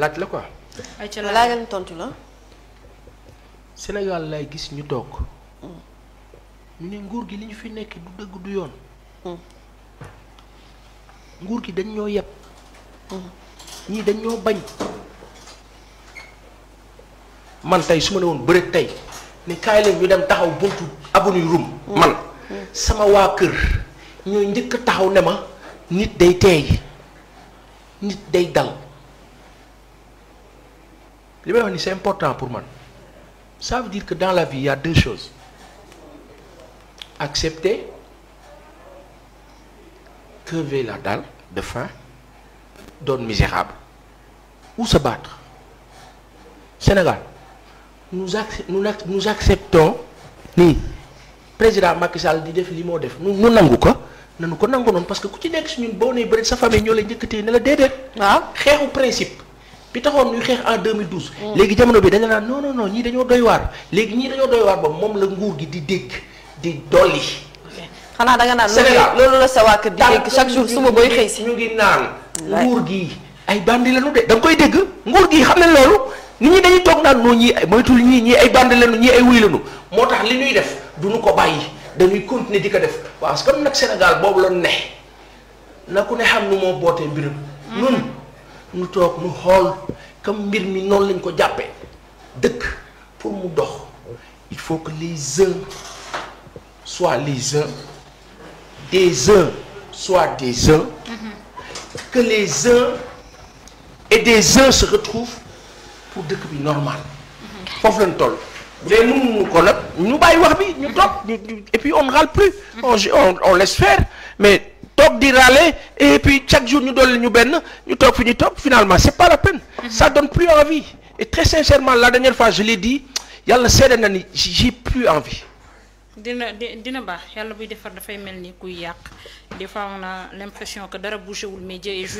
laaj la quoi. ay ca laajal tontu la. Sénégal lay gis ñu toog. Mm. ñu ne nguur gi li ñu fi nekk du dëgg du yoon. Mm. nguur gi dañ ñoo yeb. Mm. ñii dañ ñoo bañ. man tey su ma ne woon bëreet tey ni kaay leen ñu dem taxaw buntu avenue Rum. man sama waa kër ñooy njëkk taxaw ne ma nit day teey nit day dal. c'est important pour moi ça veut dire que dans la vie il y a deux choses accepter crever la dalle de faim donne misérable ou se battre Sénégal nous nous, acceptons ni président Macky Sall dit def li mo def nous nangu ko parce que ku ci si sa famille ah. principe. li taxoon ñuy xeex en 2012. Mm. léegi jamono bi dañu naan non non non ñii dañoo doy waar léegi ñii dañoo doy waar ba moom la nguur gi di dégg di dolli. xanaa da nga naan loolu la sa waa kër di dégg chaque jour suba booy xëy si. ñu ngi naan nguur gi ay bandi lañu de da koy dégg nguur gi xam ne loolu nit ñi dañuy toog naan noo ñii moytul ñii ñii ay bandi lañu ñii ay wuy lañu moo tax li ñuy def duñu ko bàyyi dañuy continuer di ko def waaw comme nag Sénégal boobu la ne na ku ne xam nu moo bootee mbirum. ñun mm-hmm. Nous sommes mu comme pour il faut que les uns soient les uns des uns soient des uns mm-hmm. que les uns et des uns se retrouvent pour devenir bi normal mm-hmm. lañ toll Nous, nous nous nous et puis on ne râle plus mm-hmm. on on laisse faire mais toog di râler et puis chaque jour ñu dolli ñu benn ñu toog fi ñu toog finalement c'est pas la peine. Mhm. ça donne plus envie et très sincèrement la dernière fois je l'ai dit yàlla seede na ni j'ai plus envie. dina dina baax yàlla buy defar dafay mel ni kuy yàq des fois on a l'impression que dara bougéwul mais média et juste.